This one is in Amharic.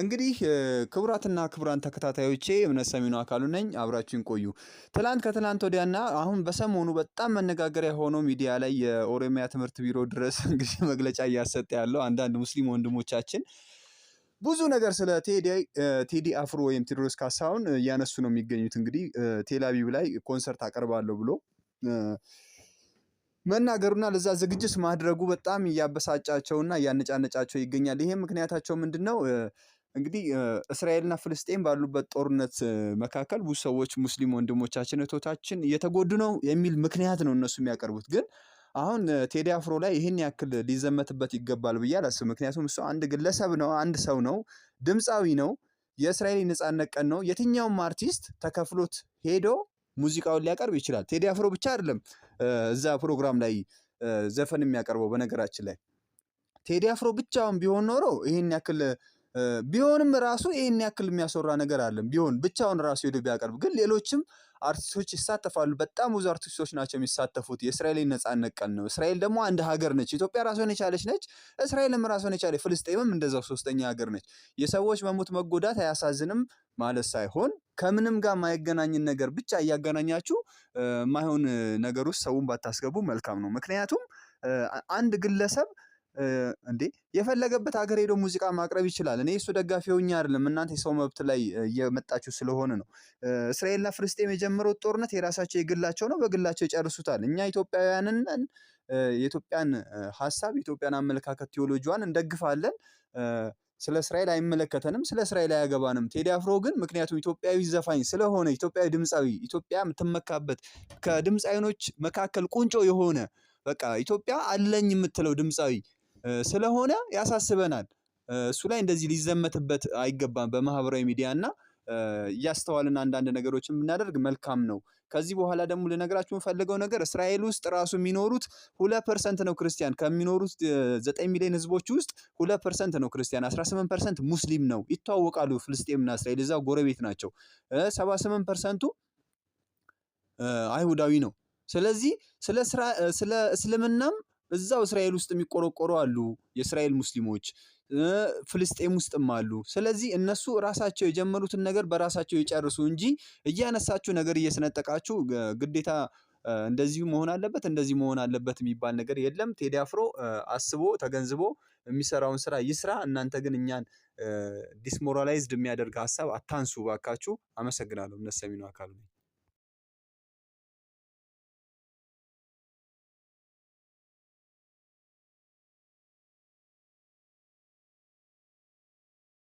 እንግዲህ ክቡራትና ክቡራን ተከታታዮቼ እምነት ሰሚኑ አካሉ ነኝ። አብራችሁን ቆዩ። ትላንት ከትላንት ወዲያና አሁን በሰሞኑ በጣም መነጋገሪያ የሆነው ሚዲያ ላይ የኦሮሚያ ትምህርት ቢሮ ድረስ እንግዲህ መግለጫ እያሰጠ ያለው አንዳንድ ሙስሊም ወንድሞቻችን ብዙ ነገር ስለ ቴዲ አፍሮ ወይም ቴዎድሮስ ካሳሁን እያነሱ ነው የሚገኙት። እንግዲህ ቴልአቪቭ ላይ ኮንሰርት አቀርባለሁ ብሎ መናገሩና ለዛ ዝግጅት ማድረጉ በጣም እያበሳጫቸውና እያነጫነጫቸው ይገኛል። ይሄም ምክንያታቸው ምንድን ነው? እንግዲህ እስራኤልና ፍልስጤም ባሉበት ጦርነት መካከል ብዙ ሰዎች ሙስሊም ወንድሞቻችን እህቶቻችን እየተጎዱ ነው የሚል ምክንያት ነው እነሱ የሚያቀርቡት። ግን አሁን ቴዲ አፍሮ ላይ ይህን ያክል ሊዘመትበት ይገባል ብዬ አላስብ። ምክንያቱም እሱ አንድ ግለሰብ ነው፣ አንድ ሰው ነው፣ ድምፃዊ ነው። የእስራኤል ነጻነት ቀን ነው። የትኛውም አርቲስት ተከፍሎት ሄዶ ሙዚቃውን ሊያቀርብ ይችላል። ቴዲ አፍሮ ብቻ አይደለም እዛ ፕሮግራም ላይ ዘፈን የሚያቀርበው። በነገራችን ላይ ቴዲ አፍሮ ብቻውን ቢሆን ኖሮ ይህን ያክል ቢሆንም ራሱ ይህን ያክል የሚያስወራ ነገር አለም ቢሆን ብቻውን ራሱ ሄዶ ቢያቀርብ ግን ሌሎችም አርቲስቶች ይሳተፋሉ። በጣም ብዙ አርቲስቶች ናቸው የሚሳተፉት። የእስራኤል ነጻነት ቀን ነው። እስራኤል ደግሞ አንድ ሀገር ነች። ኢትዮጵያ ራሷን የቻለች ነች። እስራኤልም ራሷን የቻለች፣ ፍልስጤምም እንደዛው ሶስተኛ ሀገር ነች። የሰዎች መሞት መጎዳት አያሳዝንም ማለት ሳይሆን ከምንም ጋር ማይገናኝን ነገር ብቻ እያገናኛችሁ ማይሆን ነገር ውስጥ ሰውን ባታስገቡ መልካም ነው። ምክንያቱም አንድ ግለሰብ እንዴ የፈለገበት ሀገር ሄዶ ሙዚቃ ማቅረብ ይችላል። እኔ እሱ ደጋፊ ሆኜ አይደለም፣ እናንተ የሰው መብት ላይ እየመጣችሁ ስለሆነ ነው። እስራኤልና ፍልስጤም የጀመሩት ጦርነት የራሳቸው የግላቸው ነው፣ በግላቸው ይጨርሱታል። እኛ ኢትዮጵያውያንን የኢትዮጵያን ሀሳብ የኢትዮጵያን አመለካከት ቴዎሎጂዋን እንደግፋለን። ስለ እስራኤል አይመለከተንም፣ ስለ እስራኤል አያገባንም። ቴዲ አፍሮ ግን ምክንያቱም ኢትዮጵያዊ ዘፋኝ ስለሆነ ኢትዮጵያዊ ድምፃዊ ኢትዮጵያ የምትመካበት ከድምፃዊኖች መካከል ቁንጮ የሆነ በቃ ኢትዮጵያ አለኝ የምትለው ድምፃዊ ስለሆነ ያሳስበናል። እሱ ላይ እንደዚህ ሊዘመትበት አይገባም። በማህበራዊ ሚዲያ እና እያስተዋልን አንዳንድ ነገሮችን ብናደርግ መልካም ነው። ከዚህ በኋላ ደግሞ ልነግራችሁ የምፈልገው ነገር እስራኤል ውስጥ ራሱ የሚኖሩት ሁለት ፐርሰንት ነው ክርስቲያን ከሚኖሩት ዘጠኝ ሚሊዮን ህዝቦች ውስጥ ሁለት ፐርሰንት ነው ክርስቲያን፣ አስራ ስምንት ፐርሰንት ሙስሊም ነው። ይተዋወቃሉ። ፍልስጤምና እስራኤል እዛው ጎረቤት ናቸው። ሰባ ስምንት ፐርሰንቱ አይሁዳዊ ነው። ስለዚህ ስለ እስልምናም እዛው እስራኤል ውስጥ የሚቆረቆሩ አሉ፣ የእስራኤል ሙስሊሞች ፍልስጤም ውስጥም አሉ። ስለዚህ እነሱ ራሳቸው የጀመሩትን ነገር በራሳቸው ይጨርሱ እንጂ እያነሳችሁ ነገር እየሰነጠቃችሁ ግዴታ እንደዚሁ መሆን አለበት እንደዚህ መሆን አለበት የሚባል ነገር የለም። ቴዲ አፍሮ አስቦ ተገንዝቦ የሚሰራውን ስራ ይስራ። እናንተ ግን እኛን ዲስሞራላይዝድ የሚያደርግ ሀሳብ አታንሱ ባካችሁ። አመሰግናለሁ። እነሰሚኑ ሰሚ